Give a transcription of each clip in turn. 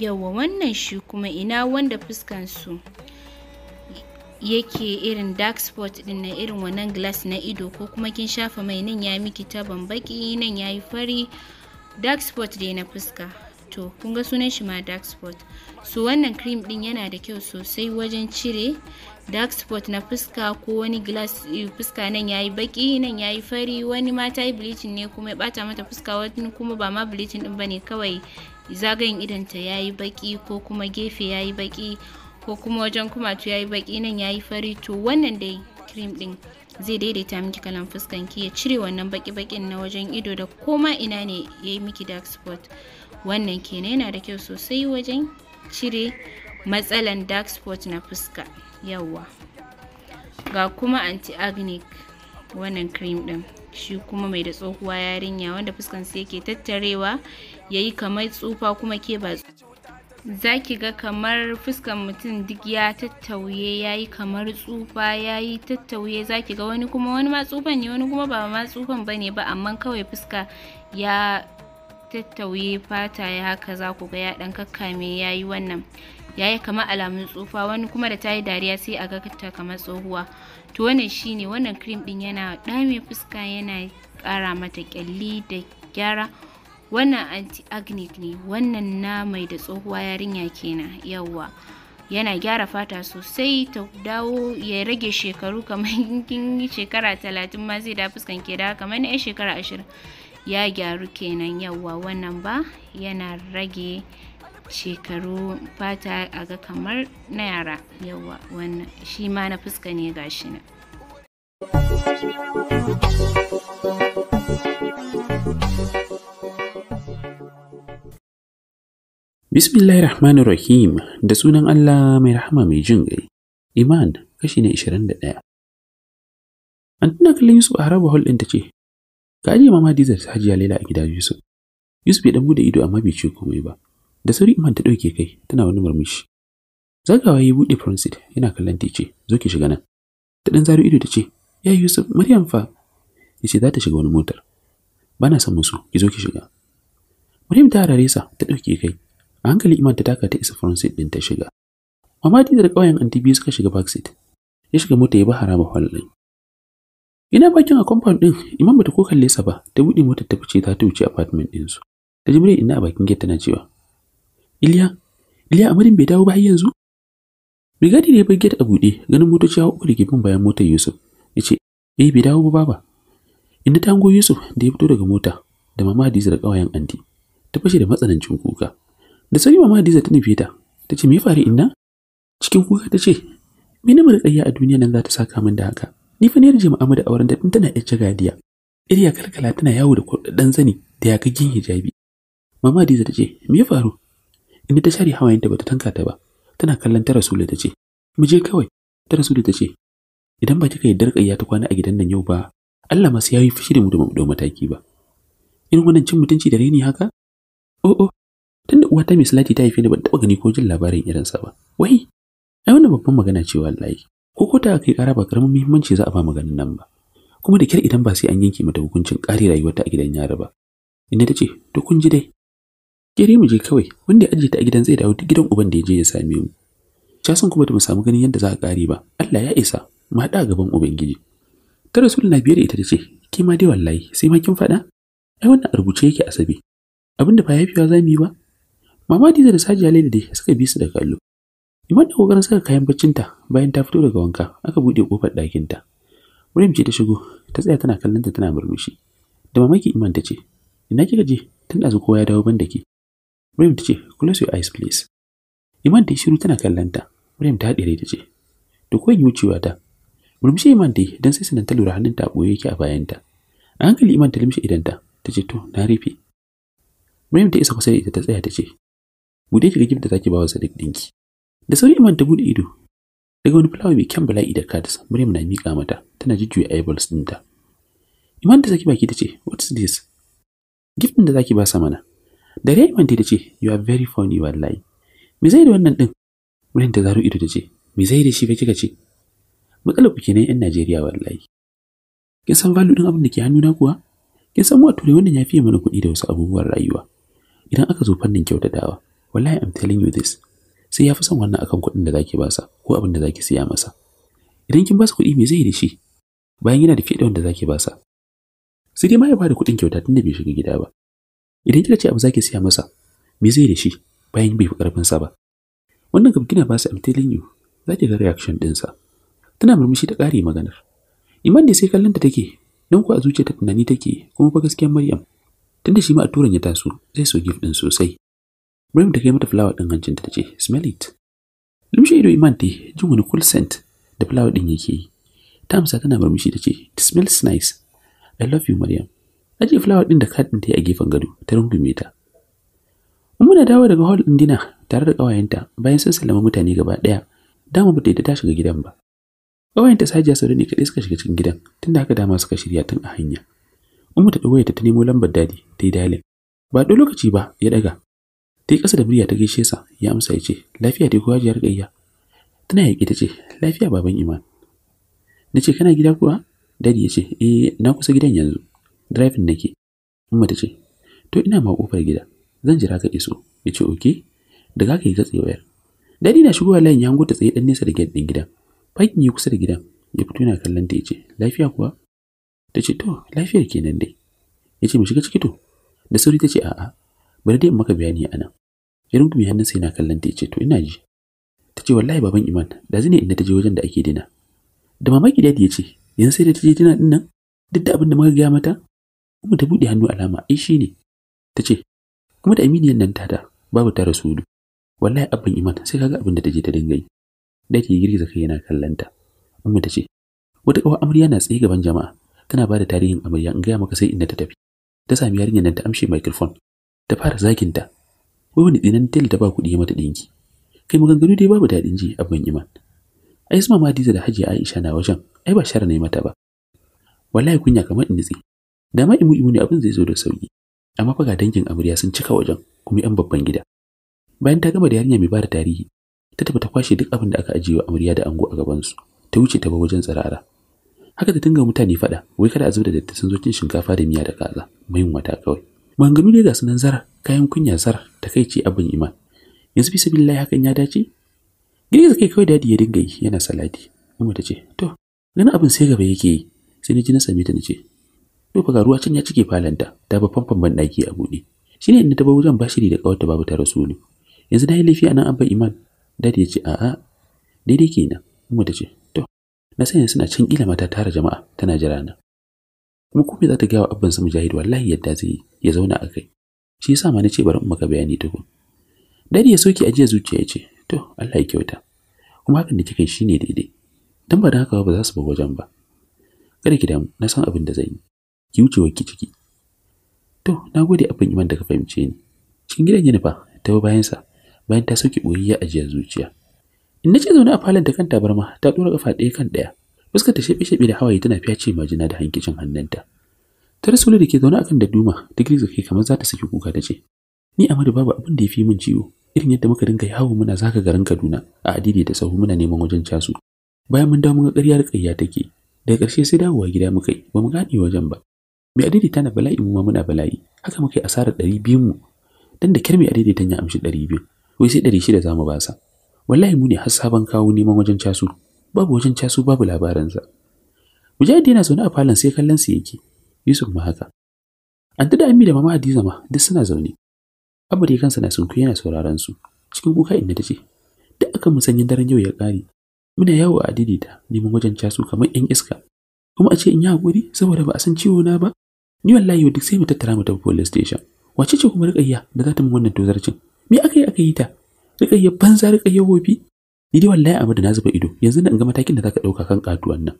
yawa wannan shi kuma ina wanda fuskansu yake irin dark spot din na irin wannan glass na ido ko kuma kin shafa mai nan ya miki taban baki nan ya yi fari dark spot dai na fuska to kun ga sunan shi ma dark spot so wannan cream din yana da kyau sosai wajen cire dark spot na fuska ko wani glass eh, fuska nan ya yi baki nan ya yi fari wani ma ta yi bleaching ne kuma ya bata mata fuska wani kuma ba ma bleaching din bane kawai zagayen idanta ya yi baki ko kuma gefe ya yi baki ko kuma wajen kumatu ya yi baki nan ya yi fari to wannan dai cream din zai daidaita miki kalan fuskan ki ya cire wannan baki-bakin na wajen ido da koma ina ne ya yi miki dark spot wannan kenan yana da kyau sosai wajen cire matsalan dark spot na fuska yawwa ga kuma anti-agnic wannan cream din shi kuma mai da tsohuwa yarinya wanda fuskan sai yake tattarewa yayi kamar tsufa kuma ke ba za ki ga kamar fuskan mutum duk ya tattauye ya yi kamar tsufa ya yi tattauye za ki ga wani kuma wani ma tsufan ne wani kuma ba ma tsufan ba ne ba amma kawai fuska ya tattauye fata ya haka za ku ga ya dan kakkame ya yi wannan ya yi kamar alamun tsufa wani kuma da ta yi dariya sai a ga ta kamar tsohuwa to wannan shine wannan cream din yana dame fuska yana kara mata kyalli da gyara wannan anti agnet ne wannan na mai da tsohuwa yarinya kenan yawwa yana gyara fata sosai ta dawo ya rage shekaru kamar kin shekara talatin ma zai da fuskan ke da kamar na shekara ashirin ya gyaru kenan yawwa wannan ba yana rage shekaru fata a ga kamar na yara yawwa wannan shi ma na fuska ne gashi na Bismillahir Rahmanir Rahim da sunan Allah mai rahama mai jin gai. Iman kashi na 21. An tuna kallon Yusuf a haraba hol ɗin ta ce, Ka ajiye mama Hadiza ta hajiya Laila a gida, Yusuf. Yusuf ya dan bude ido amma bai ce komai ba. Da sauri Iman ta ɗauke kai tana wani murmushi. Zagawa ya buɗe Francis yana kallon ta ce, Zo ki shiga nan. Ta ɗan zaro ido ta ce, Ya Yusuf, Maryam fa. Ya ce za ta shiga wani motar. Bana son musu, ki zo ki shiga. Maryam ta harare sa ta ɗauke kai A hankali Iman ta taka ta isa front seat ɗin ta shiga. Mama da ƙauyen anti biyu suka shiga back seat. Ya shiga mota ya ba haraba hall din. Ina bakin a compound ɗin, Iman bata ko kalle sa ba, ta buɗe motar ta fice ta ta wuce apartment su. Ta ji murya ina a bakin gate tana cewa, Iliya, Iliya amarin bai dawo ba har yanzu? Brigadier ya bar gate a buɗe, ganin motoci hawa uku da ke bayan motar Yusuf. Ya ce, Eh, bai dawo ba baba. Inda ta hango Yusuf da ya fito daga mota da mama Hadiza da ƙawayen anti, ta fashe da matsanancin kuka. da sani mama Hadiza ta nufe ta ta ce me faru inna cikin kuka ta ce me na mara a duniya nan za ta saka min da haka ni fa ne da mu'amala da auren da tun tana yar jagadiya iriya kalkala tana yawo da kudaden zani da ya yakagin hijabi mama Hadiza ta ce me ya faru inda ta share hawayenta bata tanka ta ba tana kallon ta Rasulu ta ce mu je kawai ta Rasulu ta ce idan ba kika yaddar kayya ta kwana a gidan nan yau ba Allah masu yayi fushi da mu da mataki ba. In wannan cin mutunci da reni haka? Oh oh, tunda uwa mai salati ta haife ni ban taɓa gani ko jin labarin irinsa ba wai ai wannan babban magana ce wallahi ko ko ta kai ƙara ba karamin muhimmanci za a ba maganin nan ba kuma da kyar idan ba sai an yanke mata hukuncin ƙare rayuwarta a gidan yari ba inda ta ce to kun ji dai kire mu je kawai wanda ya ajiye ta a gidan zai dawo duk gidan uban da ya je ya same mu casan kuma da mu samu ganin yadda za a ƙare ba Allah ya isa mu haɗa gaban ubangiji ta na biyar da ita ta ce ke ma dai wallahi sai ma kin faɗa ai wannan a rubuce yake asabi abinda ba yafiwa za mu yi ba Mama Diza da Sajiya Laila dai suka bi su da kallo. Iman da kokarin saka kayan baccinta bayan ta fito daga wanka aka buɗe ƙofar ɗakinta. Maryam ce ta shigo ta tsaya tana kallonta tana murmushi. Da mamaki Iman ta ce, "Ina kika je tun ɗazu kowa ya dawo ban da ke." ta ce, "Close your eyes please." Iman ta yi shiru tana kallon ta Maryam ta haɗe ta ce, "Da yin wucewa ta." Murmushi Iman ta yi don sai sanan ta lura hannunta ta ɓoye yake a bayanta. A hankali Iman ta limshe idanta ta ce, "To, na rufe." Maryam ta isa kusa da ita ta tsaya ta ce, bude ki ga gift da zaki ba wa dinki da sauri Iman ta bude ido daga wani fulawa mai kyan bala'i da cards Maryam na mika mata tana jujjuya eyeballs dinta Iman ta saki baki tace is this gift da zaki ba sa mana da rai Iman ta ce you are very funny wallahi me zai da wannan din Maryam ta zaro ido tace me zai da shi ba kika ce matsalar ku kenan yan Najeriya wallahi kin san value din abin da ke hannuna kuwa kin san a wato wannan ya fiye mana kuɗi da wasu abubuwan rayuwa idan aka zo fannin kyautatawa wallahi i'm telling you this sai ya fi son wannan akan kuɗin da zaki basa ko abin da zaki siya masa idan kin ba su kuɗi me zai yi da shi bayan yana da fiye da wanda zaki basa sai dai ma ya bada kuɗin kyauta tunda bai shiga gida ba idan kika ce abu zaki siya masa me zai yi da shi bayan bai fi karfin sa ba wannan kam kina ba su I'm telling you za ga reaction din sa tana murmushi ta ƙare maganar iman da sai kallon ta take don ku a zuciya ta tunani take kuma fa gaskiyar Maryam tunda shi ma a turan ya taso zai so gift din sosai Rim ta kai mata fulawa ɗin hancinta ta ce, Smell it. Limshe ido Iman ta jin wani cool scent da fulawa ɗin yake yi. Ta amsa tana murmushi ta ce, It smells nice. I love you, Maryam. Ajiye fulawa ɗin da kaɗin ta yi a gefen gado, ta rungume ta. Muna dawo daga hall ɗin dina tare da ƙawayenta bayan sun sallama mutane gaba ɗaya. Dama ba ta yi ta shiga gidan ba. Ƙawayenta Sajiya Saude ne kaɗai suka shiga cikin gidan, tunda haka dama suka shirya tun a hanya. Umma ta ɗauwaya ta nemo lambar dadi ta yi dalin. Ba ɗau lokaci ba ya ɗaga ta yi ƙasa da murya ta gaishe sa ya amsa ya ce lafiya dai kuwa jiyar gayya tana yaƙi ta ce lafiya baban iman na ce kana gida kuwa dadi ya ce eh na kusa gidan yanzu driving nake umma ta ce to ina ma kofar gida zan jira ka iso ya ce oke da ka yi ta wayar. dadi na shigowa layin ya hango ta tsaye dan nesa da gate din gidan fakin yi kusa da gidan ya fito yana kallon ta ya ce lafiya kuwa ta ce to lafiyar kenan dai ya ce mu shiga ciki to da sauri ta ce a'a bari dai in maka bayani a nan kuma hannun hannunsa yana kallon ta ce to ina ji ta ce wallahi baban iman da zine inda ta je wajen da ake dina da mamaki dadi ya ce yanzu sai da ta je dina din nan duk da abin da muka gaya mata kuma ta buɗe hannu alama ai eh, shi ne ta ce kuma da aminiyan nan tata babu ta rasulu wallahi abban iman sai kaga abin da ta je ta dinga yi da ke girgiza kai yana kallon ta umma ta ce wata kawai amarya na tsaye gaban jama'a tana ba da tarihin amarya in gaya maka sai inda ta tafi ta sami yarinyar nan ta amshe microphone ta fara zaginta wai wani dinan tel da ba kuɗi ya mata ɗinki kai maganganu dai babu daɗin ji abin iman ai isma ma diza da hajiya aisha na wajen ai ba shara ne mata ba wallahi kunya kamar in nitsi da ma imu imu ne abin zai zo da sauki amma fa ga dangin amarya sun cika wajen kuma yan babban gida bayan ta gama da yarinya mai bada tarihi ta tafi ta kwashe duk abin da aka ajiye wa amarya da ango a gaban su ta wuce ta ba wajen tsirara haka ta dinga mutane fada wai kada a zuba da dattin sun zo cin shinkafa da miya da kaza mai wata kawai Maganganu dai ga sunan zara kayan kunya zar, ce abin iman. Yanzu bisa billahi hakan ya dace? Girgiza kai kawai dadi ya dinga yi yana salati. Umma ta ce, "To, ganin abin sai gaba yake yi." Sai na ji na same ta na ce, "To fa ga ruwa can ya cike falanta, ta ba famfan ban daki a buɗe." Shi ne inda ta ba jan bashiri da kawarta babu ta rasu ne. Yanzu na yi laifi anan abin iman. Dadi ya ce, "A'a, daidai kenan." Umma ta ce, "To, na suna can kila mata tara jama'a tana jira na." kuma ko me za ta gaya wa abban sa mujahid wallahi yadda zai yi ya zauna a kai shi yasa ma nace bari in maka bayani tukun dadi ya soke aje zuciya ya ce to Allah ya kyauta kuma hakan da kika shine daidai dan ba da haka ba za su bar wajen ba kada ki damu na san abin da zan yi ki wuce wa ciki to na gode abin iman da ka fahimce ni cikin gidan yana fa ta bayan sa bayan ta soke ya aje zuciya in nace zaune a falon da kan tabarma ta dora kafa ɗaya kan ɗaya fuskar ta shaɓe-shaɓe da hawaye tana fyace majina da hankicin hannunta ta rasulu da ke zaune akan da duma ta girgiza kai kamar za ta saki kuka ta ce ni amadu babu abin da ya fi min ciwo irin yadda muka dinga yawo muna zaka garin kaduna a adidi da sahu muna neman wajen casu bayan mun dawo mun ga ƙaryar ƙarya take daga ƙarshe sai dawowa gida muka yi ba mu gane wajen ba mai adidi tana bala'i mu ma muna bala'i haka muka yi asarar ɗari biyun mu dan da kyar mai adidi ta amshi ɗari biyu wai sai ɗari shida za mu basa wallahi mu ne har sabon kawo neman wajen casu babu wajen casu babu labaransa mujahid yana zaune a falon sai kallon su yake yusuf ma haka An da ammi da mama hadiza ma duk suna zaune abu da kansa na sunku yana sauraron su cikin kuka inda tace duk akan musanyin daren yau ya kare muna yawo a adidita neman wajen casu kamar yan iska kuma a ce in yi hakuri saboda ba a san ciwo na ba ni wallahi yau duk sai mu tattara mu tafi police station wace ce kuma rikayya da za ta mu wannan tozarcin me aka yi aka yi ta rikayya banza rikayya wofi ni dai wallahi abu da na zuba ido yanzu na ga matakin da zaka dauka kan katuwan nan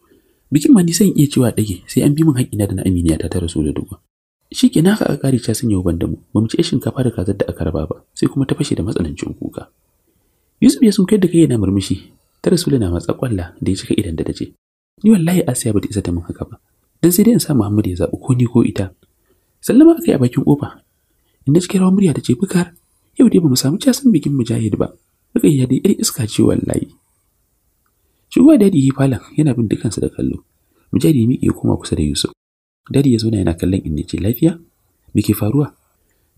bikin ma ni sai iya cewa dage sai an bi min haƙƙina da na aminiya ta tara da duka shi ke naka aka kare ta sun yau ban damu ba mu ci shinkafa da kazar da aka raba ba sai kuma ta fashe da matsanancin kuka Yusuf ya sun kai da kai yana murmushi ta rasulu na matsa kwalla da ya cika idan da tace ni wallahi Asiya bata isa ta min haka ba dan sai dai in sa Muhammad ya zabi ko ni ko ita sallama aka yi a bakin kofa inda cikin rawar murya tace bukar yau dai ba mu samu casan bikin mujahid ba ya dai 'yar eh, iska ce wallahi. Shugaba dadi yi falon yana bin dukansu da kallo. Mujahid ya miƙe koma kusa da Yusuf. Dadi ya zauna yana kallon inda ce lafiya? Me ke faruwa?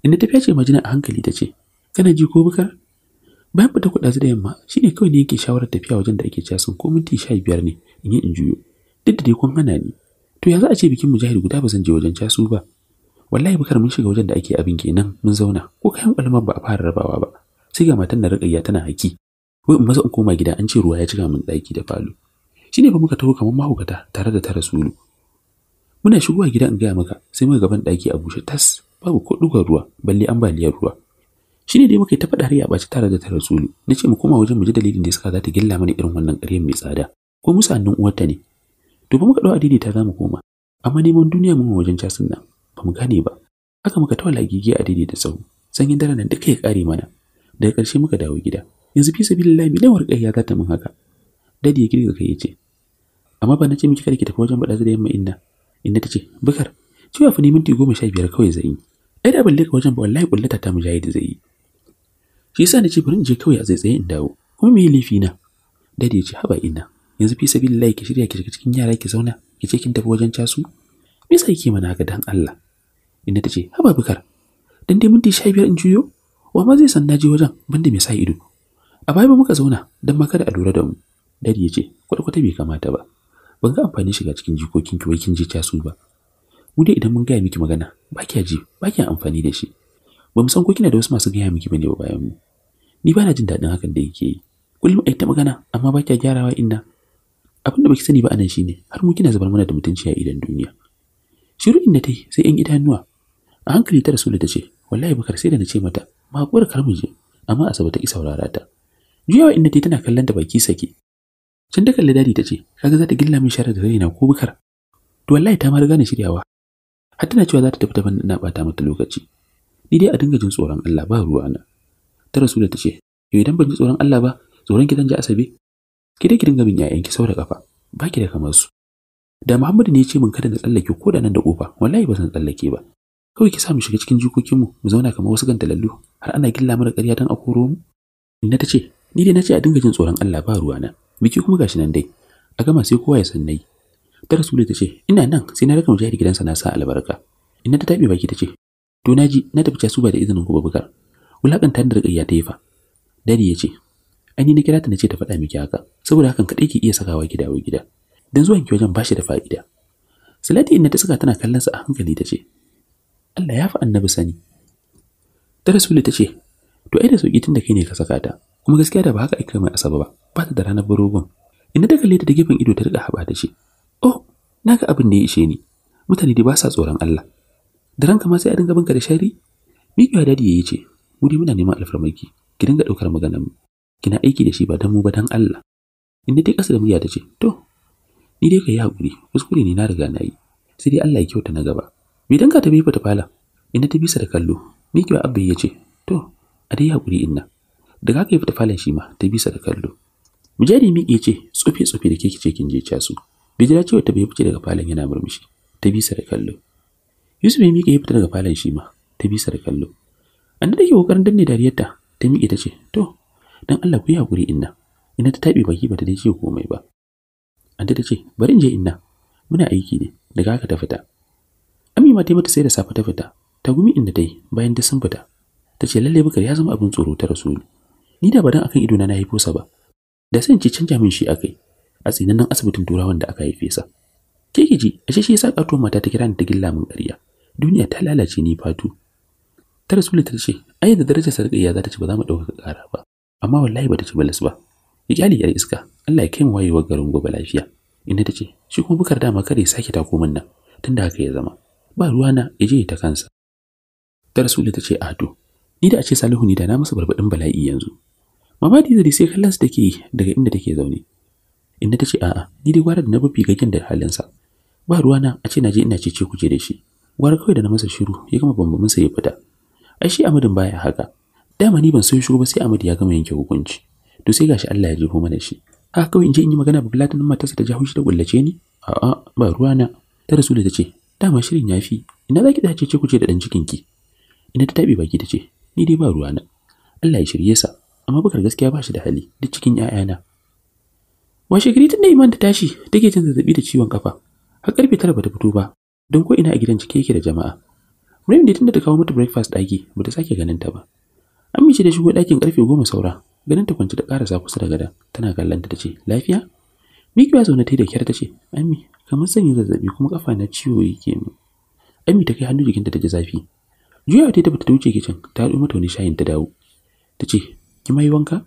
Inda tafiya ce jina a hankali ta ce, kana ji ko bukar? Bayan fita kuɗa da yamma, shi ne kawai ne yake shawarar tafiya wajen da ake casin ko minti sha biyar ne in yi in juyo. Duk da dai kun hana ni. To ya za a ce bikin mujahid guda ba zan je wajen casu ba. Wallahi bukar mun shiga wajen da ake abin kenan mun zauna ko kayan kwalmar ba a fara rabawa ba. sai ga matan da riƙayya tana haki wai in maza in koma gida an ce ruwa ya cika min ɗaki da falo shine ba muka taho kamar mahaukata tare da tara sulu muna shigowa gida in gaya maka sai muka gaban ɗaki a bushe tas babu ko dukan ruwa balle ambaliyar ruwa shine dai muka yi ta fada har ba ɓaci tare da tara sulu na ce mu koma wajen mu ji dalilin da suka za ta gilla mana irin wannan ƙaryar mai tsada ko musu hannun uwarta ne to ba muka ɗau adaidaita za mu koma amma neman duniya mun wajen casin nan ba mu gane ba haka muka tawala gigi a da sau sanyin daren nan duka ya kare mana daga ƙarshe muka dawo gida yanzu fi sabilillahi mai dawar ƙai ya gata min haka dadi ya girga kai ce. amma ba na ce miki kada ki tafi wajen bada da yamma inna ta ce, bukar cewa fa ne minti goma sha biyar kawai zai yi ai da balle ka wajen ba wallahi kullata ta mujahid zai yi shi yasa na ce bari in je kawai a tsaitsaye in dawo kuma me laifi na dadi ce haba ina, yanzu fi sabilillahi ki shirya ki shiga cikin yara ki zauna ki ce kin tafi wajen casu me yasa kike mana haka dan Allah inna ce haba bukar dan dai minti sha biyar in juyo wa ma zai sanna na je wajen banda mai sa ido a baya muka zauna dan maka da a lura da mu dadi ya ce kwata-kwata bai kamata ba ban ga amfani shiga cikin jikokin ki wai kin je su ba mu dai idan mun gaya miki magana ba kiya ji ba kiya amfani da shi ba mu san ko kina da wasu masu gaya miki bane ba bayan mu ni ba na jin daɗin hakan da yake yi kullum ai ta magana amma ba kiya gyarawa inda abin da baki sani ba anan shine har mu kina zubar mana da mutunci a idan duniya shiru inda yi sai yan idanuwa a hankali ta rasulu ta ce wallahi bakar sai da na ce mata mahaƙuwar kar mu je amma asabe ta ki saurara ta juyawa inda ta tana kallon ta baki sake can da kalli dadi ta ce kaga za ta gilla min sharar da raina ko bukar to wallahi ta ma riga ni shiryawa har tana cewa za ta tafi ta banda ina bata mata lokaci ni dai a dinga jin tsoron Allah ba ruwa na ta rasu da ta ce yau idan ban ji tsoron Allah ba tsoron gidan ji asabe ki dai ki dinga min 'ya'yanki, ki kafa ba da kamar su da Muhammadu ne ya ce min kada na tsallake ko da nan da kofa wallahi ba zan tsallake ba kawai ki sa mu shiga cikin jikokinmu mu zauna kamar wasu gantalallu har ana gilla mana ƙarya don a koro mu inna ta ce ni dai na ce a dinga jin tsoron Allah ba ruwa na. biki kuma gashi nan dai a gama sai kowa ya san nayi ta rasulu ta ce ina nan sai na raka mu gidansa na sa albarka inna ta taɓe baki ta ce to na ji na tafi casu ba da izinin ku babukar wulakanta da ƙarya ta yi fa dadi ya ce an yi na kira ta na ce ta faɗa miki haka saboda hakan kaɗai ki iya sakawa ki dawo gida dan zuwan ki wajen bashi da fa'ida salati inna ta saka tana kallon sa a hankali ta ce Allah ya fi annabi sani ta ta ce to ai da sauƙi tun da kai ne ka saka ta kuma gaskiya da ba haka aika mai asaba ba ba ta da ranar barogon inda ta kalle ta da gefen ido ta riƙa haba ta ce oh na ga abin da ya ishe ni mutane dai ba sa tsoron Allah da ranka ma sai a dinga binka da shari mikiwa dadi ya yi ce mu dai muna neman alfarmaki ki dinga ɗaukar maganar mu kina aiki da shi ba don mu ba dan Allah inda dai ƙasa da murya ta ce to ni dai ka yi hakuri kuskure ne na riga na yi sai dai Allah ya kyauta na gaba mai danka ta bifa ta fala Ina ta bisa da kallo mikiwa abba ya ce to a dai hakuri inna daga haka ya fita falon shi ma ta bisa da kallo mujari mi ya ce tsofe tsofe da ce kin je casu bijira cewa ta bai fice daga falon yana murmushi ta bisa da kallo yusuf ya miƙe ya fita daga falon shi ma ta bisa da kallo an da ke kokarin danne dariyarta ta miƙe ta ce to dan Allah ku yi hakuri inna Ina ta taɓe baki ta dai ce komai ba an ta ce bari in je inna muna aiki ne daga haka ta fita Rami ma ta mata sai da safe ta fita, ta gumi inda ta yi bayan da sun fita. Ta ce lalle bukar ya zama abin tsoro ta rasu ni. Ni da badan akan idona na haifo sa ba. Da sai ci ce canja min shi akai. A tsinannen asibitin turawan da aka haife sa. Ke ki ji, ashe shi yasa katuwar mata ta kira ni ta gilla min ƙarya. Duniya ta lalace ni fatu. Ta rasu ta ce, ai da darajar sarƙiya za ta ci ba za mu ɗaukaka ƙara ba. Amma wallahi ba ta ci balas ba. Iyali yar iska, Allah ya kai mu wayewar garin gobe lafiya. Inda ta ce, shi kuma bukar dama kada ya sake takomin nan, da haka ya zama. ba ruwana ya je ta kansa ta rasulu ta ce ado ni da a ce salihu ni da na masa barbaɗin bala'i yanzu mama da zai sai kallon take daga inda take zaune inda ta ce a'a ni dai gwara da na bufi gagen da halinsa ba ruwana a ce na je ina cece kuje da shi gwara kawai da na masa shiru ya gama bambamin sa ya fita ai shi amadin baya haka dama ni ban so shiru ba sai amadu ya gama yanke hukunci to sai gashi Allah ya ji jefo mana shi haka kawai in je in yi magana ba platinum matarsa ta jaho da kullace ni a'a ba ruwana ta rasulu ta ce dama shirin ya fi ina za ki ce ku ce da ɗan cikinki ina ta taɓe baki ta ce ni dai ba ruwa na. Allah ya shirye sa amma bakar gaskiya ba shi da hali duk cikin ‘ya'yana washe gari tun da iman ta tashi take jin zazzabi da ciwon kafa har karfe tara bata fito ba don ko ina a gidan cike yake da jama'a Maryam da tunda ta kawo mata breakfast ɗaki bata sake ganin ta ba Amince da shigo ɗakin karfe goma saura ganin ta kwance da ƙarasa kusa da gada tana kallon ta ce, lafiya ya zaune ta da kyar tace Ami kamar sanya zazzabi kuma kafa na ciwo yake min ami ta kai hannu jikinta ta ji zafi juyawa ta tafi ta wuce kicin ta yi mata wani shayin ta dawo ta ce ki mai wanka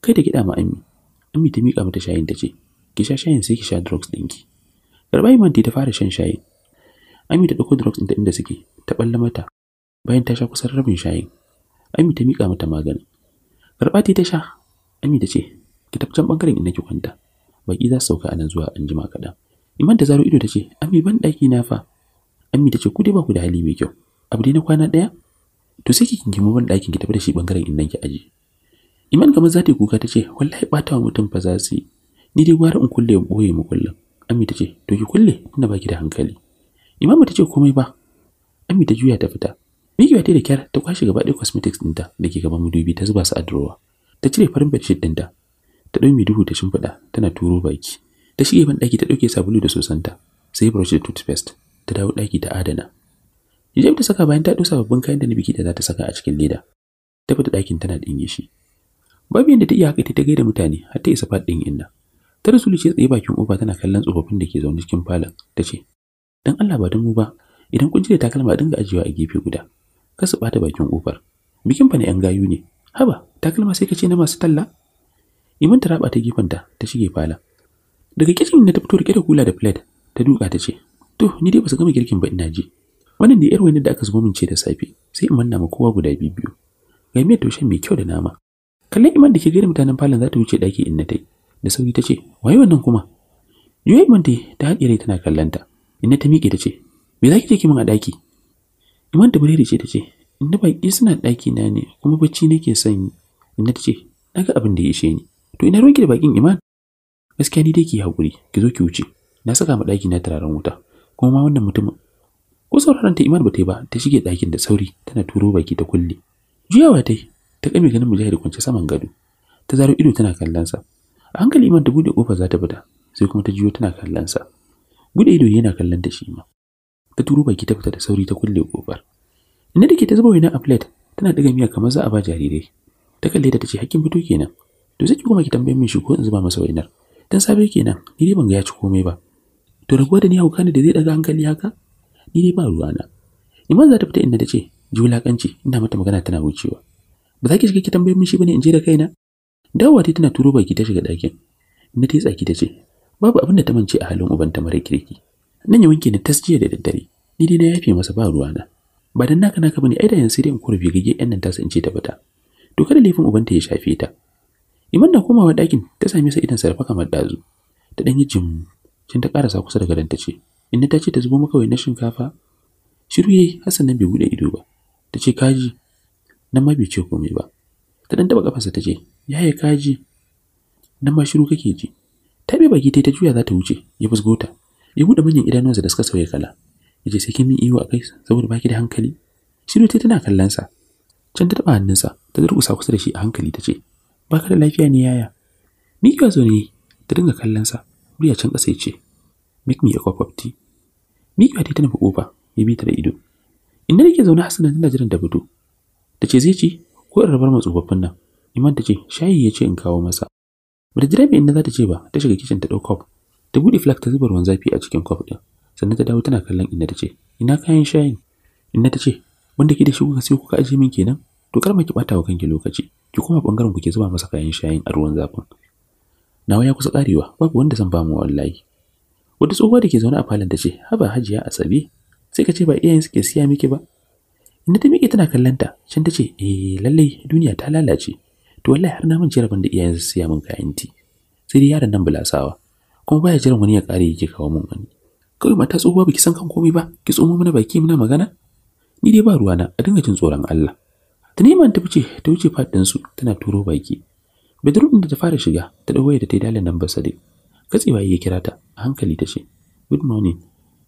kai da kiɗa ma ami ami ta miƙa mata shayin ta ce ki sha shayin sai ki sha drugs ɗinki garba man ta fara shan shayi ami ta ɗauko drugs ɗinta inda suke ta ɓalla mata bayan ta sha kusan rabin shayin ami ta miƙa mata magani garba ta sha ami ta ce ki tafi can ɓangaren inda ki kwanta baki za su sauka a nan zuwa an jima kaɗan Iman da zaro ido ta ce, "Ami ban daki na fa." Ami ta ce, "Ku dai ba ku da hali mai kyau. Abu dai na kwana ɗaya?" To sai ki kingimu ban ɗakin ki tafi da shi bangaren indan ki aje. Iman kamar za ta kuka ta ce, "Wallahi ɓata wa mutum fa za su yi. Ni dai gwara in kulle in boye mu kullum." Ami ta ce, "To ki kulle, ina baki da hankali." Iman ba ta ce komai ba. Ami ta juya ta fita. Mikiwa ta da kyar ta kwashe gaba ɗaya cosmetics ɗinta da ke gaban madubi ta zuba su a drawer. Ta cire farin bedsheet ɗinta. Ta ɗau mai duhu ta shimfiɗa tana turo baki. ta shige ban ɗaki ta ɗauke sabulu da sosanta sai brush da toothpaste ta dawo ɗaki ta adana hijab ta saka bayan ta ɗau babban kayan da na biki da za ta saka a cikin leda ta fita ɗakin tana ɗinge shi babu yadda ta iya haka ta gaida mutane har ta isa fat ɗin inna ta rasu ce tsaye bakin uba tana kallon tsofaffin da ke zaune cikin falon ta ce dan Allah ba dan mu ba idan kun jira takalma dinga ajiyewa a gefe guda ka su bata bakin kofar bikin fa ne yan gayu ne haba takalma sai ka ce na masu talla imin ta raba ta gefen ta shige falon daga kitchen da ta fito rike da kula da plate ta duka ta ce to ni dai ba su gama girkin ba ina ji wannan ne yar wani da aka zuba min ce da safe sai in manna ma kowa guda biyu biyu ga miyar taushen mai kyau da nama kallon iman da ke gari mutanen falon za ta wuce daki in na tai da sauri ta ce waye wannan kuma yoyi iman ta haɗe rai tana kallanta in ta miƙe ta ce me za ki je min a daki iman da burere ce ta ce inda baki suna daki na ne kuma bacci nake son yi inna ta ce na ga abin da ya ishe ni to ina ruwanki da bakin iman gaskiya ni dai ki hakuri ki zo ki wuce na saka ma daki na turaren wuta kuma ma wannan mutumin ko sauraron ta iman ba ta yi ba ta shige dakin da sauri tana turo baki ta kulle juyawa ta yi ta kame ganin mujahid kwance saman gado ta zaro ido tana kallon sa a hankali iman ta bude kofar za ta fita sai kuma ta jiyo tana kallon sa bude ido yana kallon ta shi ma ta turo baki ta fita da sauri ta kulle kofar inda dake ta zuba wainan a plate tana daga miya kamar za a ba jarirai ta kalle ta tace hakkin fito kenan to sai ki kuma ki tambaye min shi ko in zuba masa wainar dan sabe kenan ni dai ban ga ya ci komai ba to raguwa da ni hauka ne da zai daga hankali haka ni dai ba ruwana iman za ta fita inda ta ce ji wulakanci ina mata magana tana wucewa ba za ki shiga ki tambaye min shi bane in je da kaina dawowa ta tana turo baki ta shiga dakin na ta tsaki ta ce babu abin da ta mance a halin ubanta mara kirki nan ya wanke ni tasjiya da daddare ni dai na yafe masa ba na. ba dan naka naka bane ai da yanzu sai dai in kurbi gage yan nan tasa in ce ta fita to kada laifin ubanta ya shafe ta Iman da komawa ɗakin ta same sa idan sarfa kamar ɗazu. Ta ɗan yi jim, can ta ƙarasa kusa da gadon ta ce, Inna ta ce ta zubo maka na shinkafa? Shiru yayi Hassan nan bai buɗe ido ba. Ta ce kaji, nan ma bai ce komai ba. Ta ɗan taɓa ƙafarsa ta ce, ya Yaya kaji, nan ma shiru kake ji. Ta bi baki ta juya za ta wuce, ya fusgo ta. Ya buɗe manyan idanuwansa da suka sauya kala. Ya ce sai kin min iyo a kai saboda baki da hankali. Shiru ta tana kallon sa. Can ta taɓa hannunsa, ta durƙusa kusa da shi a hankali ta ce, baka da lafiya ne yaya miƙa zo ne ta dinga kallon sa, murya can ƙasa ce make me a cup of tea miƙa ta nufi ƙofa ya bi ta da ido inda nake zaune hasana tana jiran da fito ta ce zai ci ko in rabar tsofaffin nan iman ta ce shayi ya ce in kawo masa bata jira mai inda za ta ce ba ta shiga kicin ta ɗau ta buɗe flak ta zuba ruwan zafi a cikin kwaf ɗin sannan ta dawo tana kallon inda ta ce ina kayan shayin inda ta ce wanda ke da shi kuka siyo kuka ajiye min kenan to kar ma ki bata wa kanki lokaci ki koma bangaren ku zuba masa kayan shayin a ruwan zafin nawa ya kusa karewa babu wanda zan bamu wallahi wata tsohuwa da ke zaune a falon ta ce haba hajiya a tsabe. sai ka ce ba iyayen suke siya miki ba inda ta miƙe tana kallon ta can ta ce eh lallai duniya ta lalace to wallahi har na mun jira da iyayen su siya min kayan ti sai dai yaron nan bulasawa kuma baya jiran wani ya kare yake kawo min wani kawai mata tsohuwa baki san kan komai ba ki tsomo mana baki muna magana ni dai ba ruwana a dinga jin tsoron Allah nema ta wuce ta wuce su tana turo baki. Bedroom da ta fara shiga ta dawo da ta yi dalin nan basade. Katsewa ya kira ta a hankali ta ce, Good morning,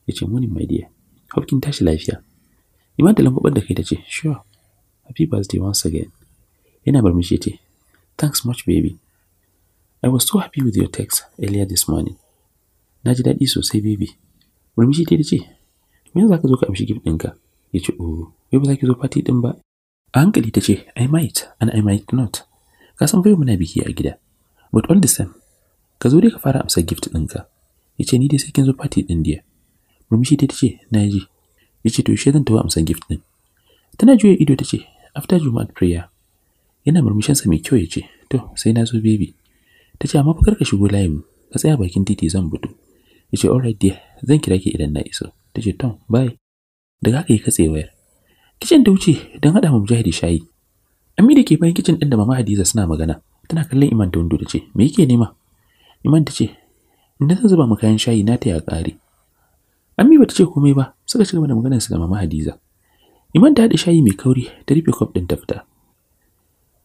ya ce morning my dear, hope kin tashi lafiya. Iman da lambobin da kai ta ce, Sure, happy birthday once again. Yana murmushi ya ce, Thanks much baby. I was so happy with your text earlier this morning. Na ji daɗi sosai baby. Murmushi ta ce, Me za ka zo ka amshi gift ɗinka? Ya ce, Oh, yau ba za ki zo fati ɗin ba? A hankali ta ce, I might and I might not. Ka san bai muna biki a gida. But all the same, ka zo dai ka fara amsa gift ɗinka. Ya ce, ni dai sai kin zo party ɗin diya. Murmushi ta ce, na ji. Ya ce, to yaushe zan tawo amsa gift ɗin. Tana juya ido ta ce, after Juma'at prayer. Yana murmushinsa mai kyau ya ce, to sai na zo baby. Ta ce, amma bakar ka shigo layin ka tsaya bakin titi zan budu Ya ce, alright dear, zan kira ki idan na iso. Ta ce, Tom, bye. Daga haka ya katse wayar. Kicin da wuce don haɗa wa Mujahid shayi. da ke bayan kicin ɗin da Mama Hadiza suna magana. Tana kallon Iman ta wando da ce, "Me yake nema?" Iman ta ce, "Inda zan zuba maka kayan shayi na ta ya ƙare." Ami bata ce komai ba, suka ci gaba da maganar su da Mama Hadiza. Iman ta haɗa shayi mai kauri, ta rufe kwaf ɗin ta fita.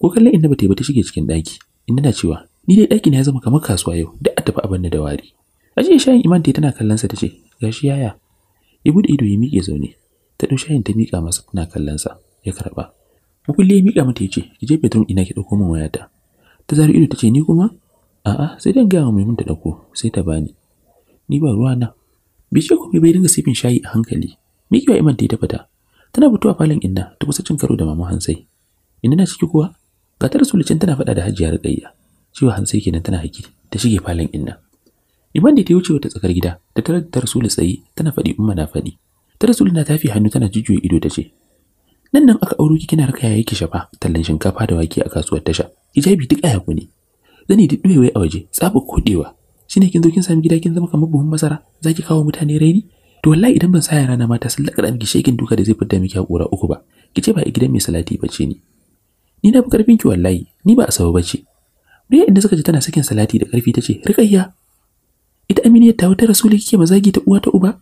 Ko kallon inda bata yi ba ta shige cikin ɗaki, inda na cewa, "Ni dai ɗaki na ya zama kamar kasuwa yau, duk a tafi abin da wari." Ajiye shayin Iman ta tana kallon sa ta ce, "Gashi yaya." Ya buɗe ido ya miƙe zaune. ta ɗin shayin ta miƙa masa kallon sa, ya karɓa mukulli ya miƙa mata ya ce ki je bedroom ina ki dauko min wayata ta zari ido ta ce ni kuma a'a sai dan gaya mai mun ta dauko sai ta bani ni ba ruwa na Bishiyar ce bai dinga sifin shayi a hankali wa iman ta ta fita tana fitowa falon inna ta kusa cin karo da mama hansai inna na ciki kuwa gatar sulucin tana fada da hajiyar kayya cewa hansai kenan tana haki ta shige falon inna Iman da ta wuce wata tsakar gida ta tarar da Rasulu tsaye tana faɗi umma na faɗi. ta rasulu na tafi hannu tana jujjuya ido ta ce nan nan aka auro ki kina raka yake shafa tallan shinkafa da wake a kasuwar tasha hijabi duk aya ku ne zani duk duwewaye a waje tsaba kodewa shine kin zo kin sami gida kin zama kamar buhun masara zaki kawo mutane raini to wallahi idan ban sa yara mata sun lakada miki shekin duka da zai fitar miki hakura uku ba ki ce ba a gidan mai salati bace ni ni na fi karfin ki wallahi ni ba ba ce. bai inda suka ji tana sakin salati da karfi ce rikayya ita aminiya ta wata rasuli kike mazagi ta uwa ta uba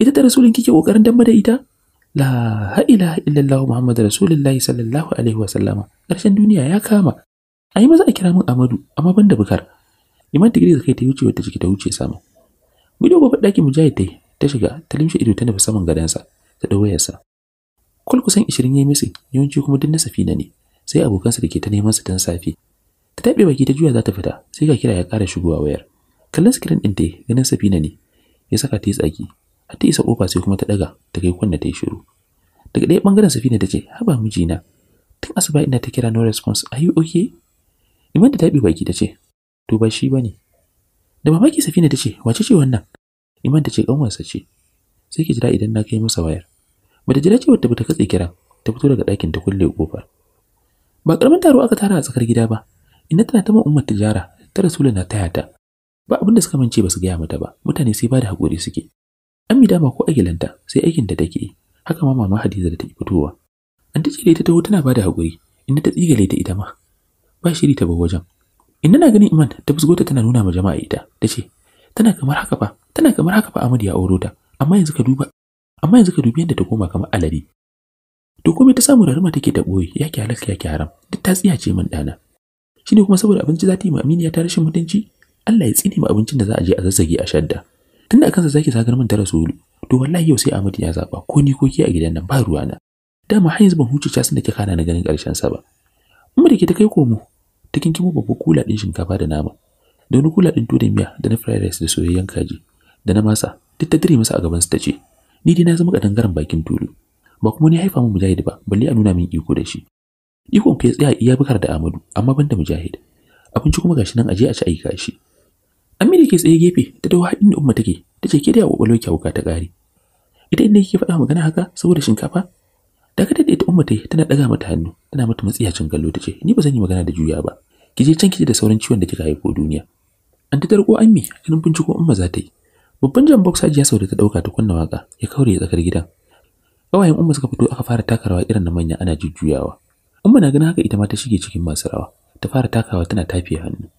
ita ta rasulun kike kokarin damba da ita la ilaha illallah muhammadu rasulullahi sallallahu alaihi wa sallama ƙarshen duniya ya kama a maza a kira min amadu amma ban da bukar iman digiri da kai ta wuce wata ciki ta wuce sama gudu gobe ɗakin mujahid ta ta shiga ta limshe ido ta nufi saman sa ta dau wayarsa kul kusan ishirin ya yi misi yawanci kuma duk na safina ne sai abokansa da ke ta neman su dan safe ta taɓe baki ta juya za ta fita sai ga kira ya ƙara shigowa wayar kallon sikirin ɗin ta ganin safina ne ya saka ta yi tsaki a ta isa kofa sai kuma ta ɗaga ta kai kunna ta yi shiru daga ɗaya bangaren safina ta ce haba mijina tun asuba ina ta kira no response are you okay iman ta taɓi baki ta ce to ba shi bane da mamaki safina ta ce wace ce wannan iman ta ce kanwarsa ce sai ki jira idan na kai masa wayar bata jira ce ta bata katse kira ta fito daga ɗakin ta kulle kofar ba karamin taro aka tara a tsakar gida ba inna tana ta ma tijara ta rasula na taya ta ba abin da suka mance ba su gaya mata ba mutane sai ba da haƙuri suke da ba ko agilanta sai aikin da take Haka ma mama Hadiza da ta fitowa. An ce cire ta taho tana bada hakuri, inda ta tsigale ta ita ma. Ba shiri ta bar wajen. Inna na gani Iman ta fusgo tana nuna ma jama'a ita, ta ce, "Tana kamar haka fa, tana kamar haka fa Amadu ya auro ta, amma yanzu ka duba, amma yanzu ka dubi yadda ta koma kamar alade." To komai ta samu raruma take ta boye, ya ki halaka ya ki haram, duk ta tsiya ce min ɗana. Shi ne kuma saboda abinci za ta yi ma Aminiya ta rashin mutunci, Allah ya tsine ma abincin da za a je a zazzage a shadda. tunda kansa sa zaki zagar mun ta rasulu to wallahi yau sai Ahmad ya zaba ko ni ko ke a gidan nan ba ruwa na Da ma yanzu ban huce casin da ke kana na ganin karshen sa ba amma da ke ta kai komo ta mu babu kula din shinkafa da nama da wani kula din tudun miya da na fried rice da soyayyen kaji da na masa duk ta dire masa a gaban su ta ce ni dai na zama kadangaren bakin tulu ba kuma ni haifa mu mujahid ba balle a nuna min iko da shi ikon kai tsaya iya bukar da Amadu amma banda da mujahid abinci kuma gashi nan aje a ci aika shi Amiri ke tsaye gefe ta dawo haɗin da Umma take ta ce ke da kwakwalwar ki hauka ta ƙari. Ita inda yake faɗa magana haka saboda shinkafa daga da ita Umma ta yi tana ɗaga mata hannu tana mata matsiyacin kallo ta ce ni ba zan yi magana da juya ba ki je can kije da sauran ciwon da kika haifo duniya. An ta tarko Ammi ganin binciko Umma za ta yi. Babban jan box Hajiya Saude ta ɗauka ta kunna waka ya kaure ya tsakar gidan. Kawayen Umma suka fito aka fara takarawa irin na manya ana jujjuyawa. Umma na ganin haka ita ma ta shige cikin masu rawa, ta fara takawa tana tafiya hannu.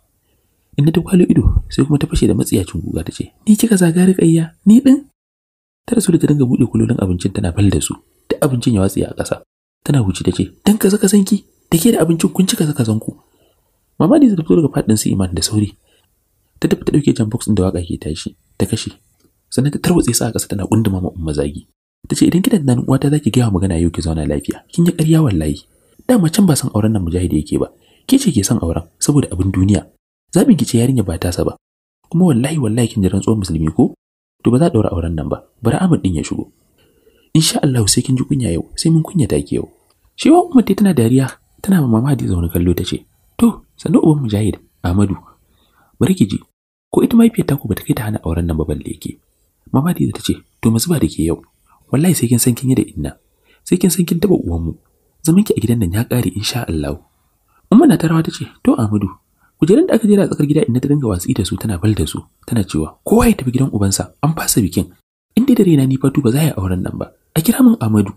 inda ta kwalo ido sai kuma ta fashe da matsiyacin guga ta ce ni kika zagari kayya ni din ta rasu da ta dinga buɗe kulolin abincin tana bal da su duk abincin ya watsi a kasa tana huci ta ce dan kaza kazan ki da ke da abincin kun cika saka zanku mama da ta fito daga fadin su iman da sauri ta tafi ta dauke jam box din da waka ke tashi ta kashe sannan ta tarwatse sa a ƙasa tana gunduma ma umma zagi ta ce idan kidan da nan uwata zaki ga magana yau ki zauna lafiya kin yi ƙarya wallahi dama can ba san auren nan mujahidi yake ba ke ce ke son auren saboda abin duniya zabin ki ce yarinya ba tasa ba kuma wallahi wallahi kin jiran tsohon musulmi ko to ba za daura auren nan ba bari Ahmad din ya shigo insha Allah sai kin ji kunya yau sai mun kunya take yau shi wa umma tana dariya tana ma mama Hadiza kallo, kallo tace to sannu uban mujahid Ahmadu bari ki ji ko ita mahaifiyar ba ta kai ta hana auren nan ba balle ke mama ta tace to mu zuba da ke yau wallahi sai kin san kin yi da inna sai kin san kin taba uwanmu zaman ki a gidan nan ya kare insha Allah umma na ta ce, to Ahmadu kujerin da aka jera a tsakar gida inda ta dinga watsi da su tana bal da su tana cewa kowa ya tafi gidan ubansa an fasa bikin in dai da rena ni fatu ba za a yi auren nan ba a kira min amadu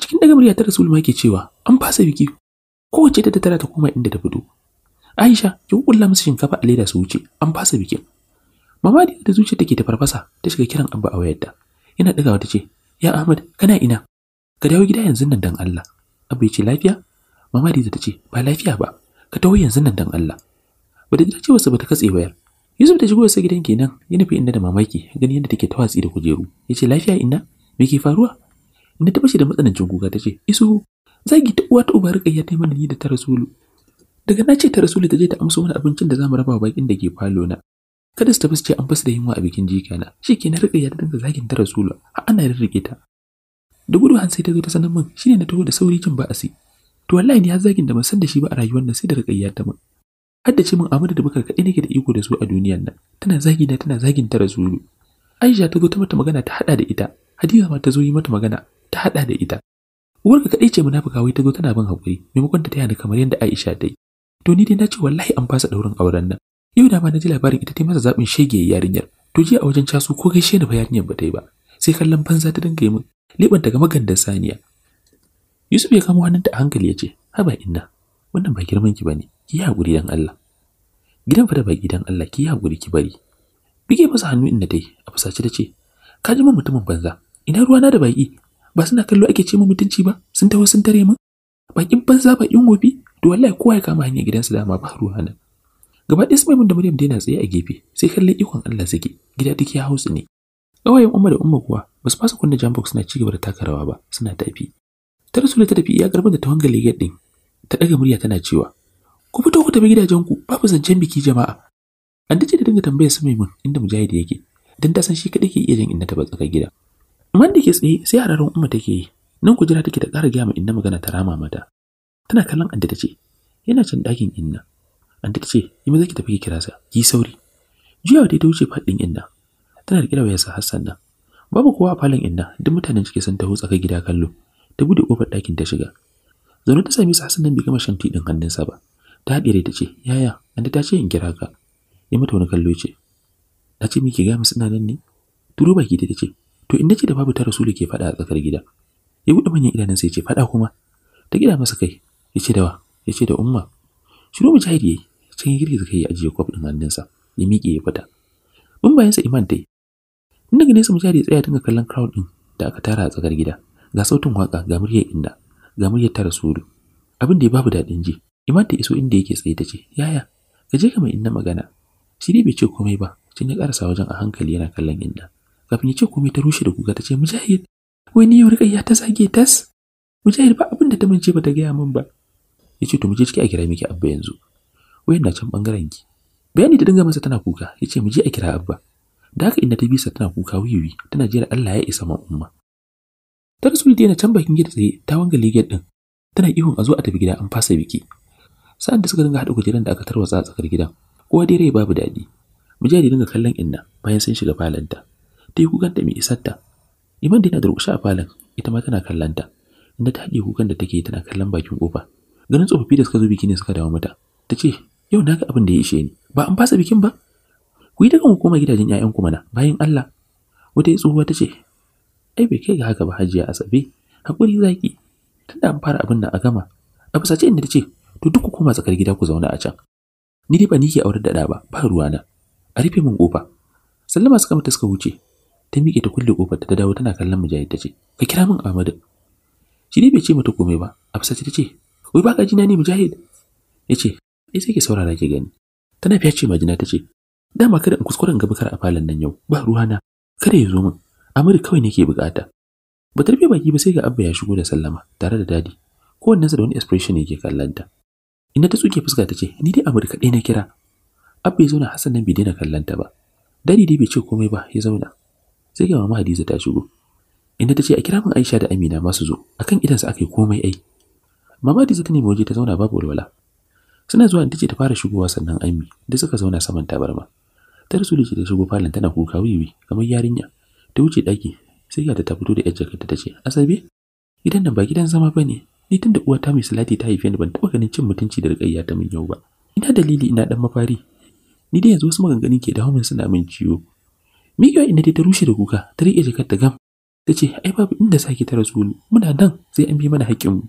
cikin daga murya ta rasul ke cewa an fasa biki kowace ta tattara ta koma inda ta fito aisha ki kulla musu shinkafa a leda su wuce an fasa bikin mama da ta zuciya take ta farfasa ta shiga kiran abba a wayarta yana ɗagawa ta ce ya ahmad kana ina ka dawo gida yanzu nan dan allah abba ya ce lafiya mama da ta ce ba lafiya ba ka taho yanzu nan dan Allah ba da ji wasu ba ta katse bayar Yusuf ta shigo sa gidan kenan ya nufi inda da mamaki gani yadda take tawatsi da kujeru ce lafiya ina? me ke faruwa inda ta bashi da matsanancin kuka tace isu zagi ta uwa ta uba rika ya taimana ni da ta rasulu daga na ce ta rasulu ta je ta amso wani abincin da zamu raba bakin da ke falo na kada su tafi an fasa da yunwa a bikin jika na shi ke na rika ya dinga zagin ta rasulu har ana rirrike ta da gudu han sai ta zo ta sanar min shine na taho da sauri kin ba to wallahi ni har zagin da ban san da shi ba a rayuwar nan sai da rakayya ta mun har da ce mun Amadu da Bukar kaɗai nake da iko da su a duniyar nan tana zagi da tana zagin ta rasulu Aisha ta zo ta mata magana ta hada da ita Hadiza ma ta zo yi mata magana ta hada da ita uwarka kadai ce munafika wai ta zo tana bin hakuri maimakon ta yana kamar yadda Aisha ta yi to ni dai na ce wallahi an fasa daurin auren nan yau da ma na ji labarin ita ta masa zaɓin shege yarinyar to jiya a wajen casu ko gaishe da ba yarinyar ba ta yi ba sai kallon banza ta dinga yi min leɓanta daga magandar saniya Yusuf ya kama hannunta a hankali ya ce, Haba inna, wannan ba girman ki ne, ki yi haƙuri dan Allah. Gidan fa da baki dan Allah, ki yi haƙuri ki bari. Bige masa hannu inda dai, a fusace da ce, Ka ji mutumin banza, ina ruwana da baki, ba suna kallo ake ce mu mutunci ba, sun tawo sun tare min. Baƙin banza ba gobi, to wallahi kowa ya kama hanyar gidansu dama ba ruwana. Gaba ɗaya Ismail da Maryam daina tsaye a gefe, sai kallon ikon Allah suke, gida duk ya hausu ne. Ƙawayen Umma da Umma kuwa ba su fasa kunna jambox suna cigaba da taka rawa ba, suna tafi. ta rasu ta tafi iya karfin da ta wanga legiyar din ta daga murya tana cewa ku fito ku tafi gidajen ku. babu zancen biki jama'a an dace da dinga tambayar su mun inda mujahid yake dan ta san shi kadai ke iya jin inda ta ba tsaka gida man da ke tsaye sai hararin umma take yi nan ku jira take da ƙara gaya ma inna magana ta rama mata tana kallon anta ce. yana can dakin inna anta ce, yi maza ki tafi kira sa ki sauri jiya da ta wuce faɗin inna tana da da wayarsa Hassan nan babu kowa a falon inna duk mutanen ciki sun taho tsakar gida kallo ta bude kofar ɗakin ta shiga zaune ta sami su nan bai gama shan tiɗin hannunsa ba ta haɗe ta ce yaya da ta ce in kira ka ya mata wani kallo ce ta ce miki ga musu nan ne turo baki ta ce to in ce da babu ta rasulu ke faɗa a tsakar gida ya buɗe manyan idanun sai ce faɗa kuma ta gida masa kai ya ce da wa ya ce da umma shiru mujahid can cikin girgiza kai ya ajiye kwaf ɗin hannunsa ya miƙe ya fita Mun bayansa iman ta yi inda nesa mujahid ya tsaya dinga kallon crowd ɗin da aka tara a tsakar gida ga sautin waka ga muryar inda ga muryar ta rasulu abin da ya babu daɗin ji iman ta iso inda yake tsaye ta ce yaya ka je ka mai inna magana shi bai ce komai ba tun ya karasa wajen a hankali yana kallon inda kafin ya ce komai ta rushe da kuka ta ce mujahid wai ni yau ya ta zage tas mujahid ba abin da ta mance ba ta gaya min ba ya ce to mu je ciki a kira miki abba yanzu wai na can bangaren ki bayani ta dinga masa tana kuka ya ce mu je a kira abba da haka inda ta bisa tana kuka wiwi tana jira Allah ya isa ma umma ta rasul na can bakin gida tsaye ta wanga ligiyar din tana ihun a zo a tafi gida an fasa biki sa'an da suka dinga haɗa kujeran da aka tarwatsa a tsakar gidan kowa dai rai babu daɗi mujahid dinga kallon inna bayan sun shiga falanta ta yi kukan da mai isarta iman da yana da rukusha a falon ita ma tana kallon ta inda ta haɗe kukan da take tana kallon bakin kofa ganin tsofaffi da suka zo biki ne suka dawo mata ta ce yau na ga abin da ya ishe ni ba an fasa bikin ba ku yi daga mu koma gidajen 'ya'yanku mana bayan Allah wata tsohuwa ta ce ai bai kai ga haka ba hajiya asabe hakuri zaki tunda an fara abin nan a gama a fusace inda ce. to duk ku koma tsakar gida ku zauna a can ni dai ba ni ke aurar da ɗa ba ba ruwa na. a rufe min kofa sallama suka mata suka wuce ta miƙe ta kulle kofar ta dawo tana kallon mujahid ta ce ka kira min Ahmadu shi dai bai ce mata komai ba fusace ta ce wai baka jina ne mujahid ya ce eh sai ki saurara ki gani tana fiya ce majina ta ce dama kada in kuskuren gaba kar a falon nan yau ba ruwa na. kada ya zo min Amir kawai ne ke bukata. Ba tarbe baki ba sai ga Abba ya shigo da sallama tare da dadi. sa da wani expression yake kallanta. Ina ta tsuke fuska ta ce, Ni dai Amir kaɗai na kira. Abba ya zauna Hassan nan bai daina kallanta ba. Dadi dai bai ce komai ba ya zauna. Sai ga mama Hadiza ta shigo. Ina ta ce a kira min Aisha da Amina ma su zo, akan idansa aka yi komai ai. Mama Hadiza ta nemi waje ta zauna babu walwala. Suna zuwa ta ce ta fara shigowa sannan Ami, da suka zauna saman tabarma. Ta rasu da ta shigo falon tana kuka wiwi kamar yarinya. ta wuce ɗaki sai ga ta fito da yar jakarta ta ce asabe gidan nan ba gidan zama ba ne ni tun da uwata mai salati ta haife ni ban taɓa ganin cin mutunci da riƙayya ta min yau ba ina dalili ina ɗan mafari ni dai yanzu wasu maganganu ke dawo min suna min ciwo mikiwa ina dai ta rushe da kuka ta riƙe jakarta gam ta ce ai babu inda sake ta rasulu muna nan sai an bi mana mu.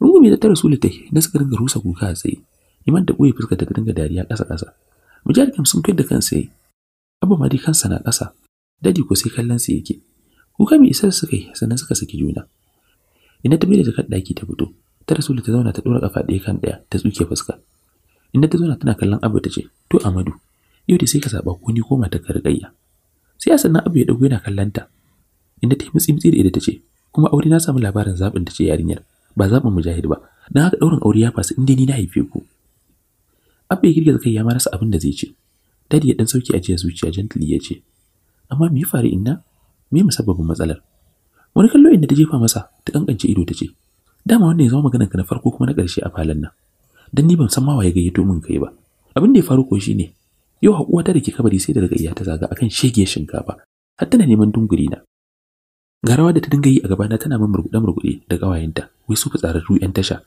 rungume ta ta rasulu ta na suka dinga rusa kuka a tsaye iman da ɓoye fuskar ta dinga dariya kasa-kasa. mujahid kam sun fiyar da kansa yayi abu ma dai kansa na ƙasa dadi ko sai kallon su yake kuka mai isar suka yi sannan suka saki juna ina ta bai da jakar ɗaki ta fito ta rasu ta zauna ta ɗora ƙafa ɗaya kan ɗaya ta tsuke fuska ina ta zauna tana kallon abu ta ce to amadu yau da sai ka saba ko ni ko mata karkayya sai a sannan abu ya dago yana kallon ta ina ta yi mutsi mutsi da ita ta ce kuma aure na samu labarin zabin ta ce yarinyar ba zaɓin mujahid ba don haka ɗaurin aure ya fasu inda ni na haife ku abu ya girgiza kai ya marasa abin da zai ce dadi ya dan sauki a jiya zuciya gently ya ce amma me ya faru inna me musabbabin matsalar wani kallo inda ta jefa masa ta kankance ido ta ce dama wannan ya zama maganar ka na farko kuma na ƙarshe a falon nan dan ni ban san ma waye gayyato min kai ba abin da ya faru ko shine yau hakuwa ta dake kabari sai da daga iyata zaga akan shege shinkafa har tana neman dunguri na garawa da ta dinga yi a gabana tana min murgude murgude da kawayenta wai su fitsararru yan tasha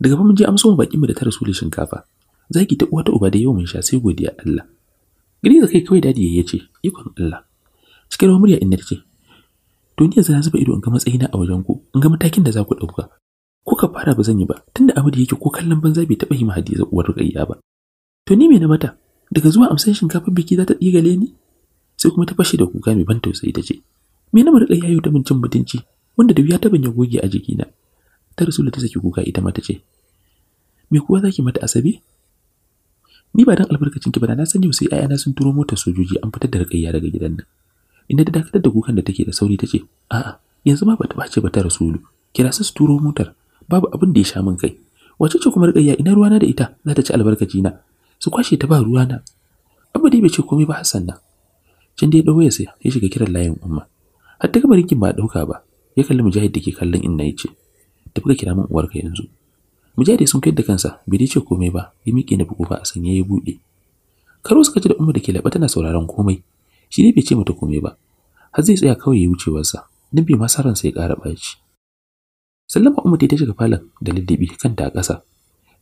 daga mun je amso mu bakin mu da ta rasulin shinkafa zaki ta uwa ta uba da yau mun sha sai godiya Allah Gari da kai kawai dadi ya ce, ikon Allah. Cikin rawa murya inda ce, duniya za zuba ido in ga matsayina a wajen ku, in ga matakin da za ku ɗauka. Ko ka fara ba zan yi ba, tunda abu da yake ko kallon banza bai taba yi ma Hadiza uwar rukayya ba. To ni me na mata? Daga zuwa amsan shinkafar biki za ta iya gale ni? Sai kuma ta fashe da kuka mai ban tausayi ta ce, me na murɗa yayo da mincin mutunci wanda da wuya ta banya goge a jikina. Ta rasula ta saki kuka ita ma ta ce, me kuwa zaki mata asabi? ni ba dan albarkacin ki ba na sanya sai ayana sun turo motar sojoji an fitar da rikayya daga gidan nan inda da dakatar da kukan da take da sauri tace a yanzu ma ta bace ba ta rasulu kira su turo motar babu abin da ya sha min kai wace ce kuma rikayya ina ruwana da ita za ta ci albarkaci na su kwashe ta ba ruwana na. dai bai ce komai ba hassan na can ya dawo ya sai ya shiga kiran layin umma har ta gama rinkin ba dauka ba ya kalli mujahid da ke kallon inna ya ce tafi ka kira min uwarka yanzu Mujahid sun kai da kansa bai dace komai ba ya miƙe na ba a sanye ya buɗe. Karo suka ci da umar da ke laɓa tana sauraron komai shi ne bai ce mata komai ba har zai tsaya kawai ya wuce wasa don bai ma sa ya ƙara ɓaci. Sallama umar ta shiga falon da liddibi kanta a ƙasa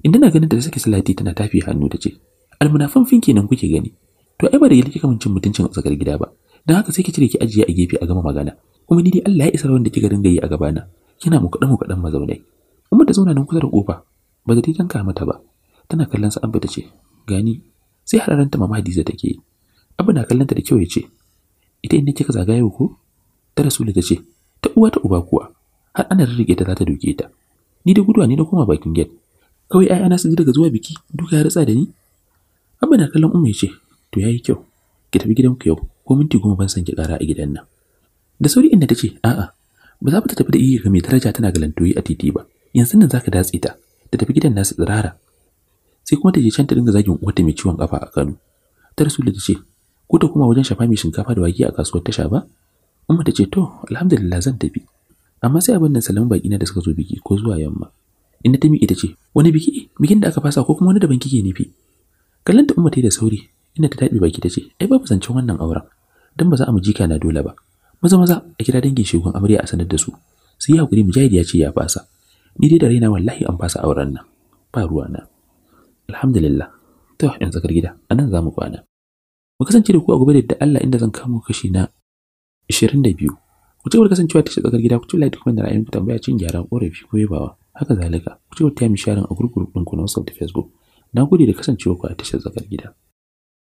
inda na ganin da sake salati tana tafi hannu ta ce almunafan kenan nan kuke gani to ai ba da yake kaman cin mutuncin tsakar gida ba don haka sai ki cire ki ajiye a gefe a gama magana kuma ni dai Allah ya isa wanda kika dinga yi a gabana kina mu kaɗan mu kaɗan mazaunai Uma ta zauna nan kusa da kofa, ba ta ka mata ba. Tana kallon sa Abba ta ce, "Gani." Sai hararanta mama Hadiza take yi. Abba na kallon ta da kyau ya ce, "Ita inda kika zagaye ku? Ta Rasulu ta ce, "Ta uwa ta uba kuwa." Har ana rirrike ta za ta duke ta. Ni da guduwa ni na koma bakin gate. Kawai ai ana ji daga zuwa biki, duka ya ratsa da ni. Abba na kallon Umma ya ce, "To yayi kyau. Ki tafi ku yau, ko minti goma ban san ki ƙara a gidan nan." Da sauri inda ta ce, "A'a, ba za ta tafi da iyaka ga mai daraja tana galantoyi a titi ba." yanzu nan zaka datse ta ta tafi gidan nasu tsirara sai kuma ta je can ta dinga zagin uwarta mai ciwon kafa a Kano ta rasu ta ce ko ta kuma wajen shafa mai shinkafa da wake a kasuwar tasha ba umma ta ce to alhamdulillah zan tafi amma sai abin nan salamu baki na da suka zo biki ko zuwa yamma inda ta miƙe ta ce wani biki bikin da aka fasa ko kuma wani daban kike nufi kallon ta umma ta yi da sauri inda ta taɓe baki ta ce ai babu zancen wannan auren Don ba za a mu jika na dole ba maza maza a kira dangin shegun amarya a sanar da su su yi hakuri mujahid ya ce ya fasa ni dai da raina wallahi an fasa auren nan ba ruwa na alhamdulillah to in tsakar gida anan zamu kwana mu kasance da ku a gobe da Allah inda zan kamo kashi na 22 ku ci kasancewa ta tsakar gida ku ci like kuma da ra'ayin ku tambaya cin gyara korafi ko yabawa haka zalika ku ci ta mi sharing a gurgurun ku na WhatsApp da Facebook na gode da kasancewa ku a tashar tsakar gida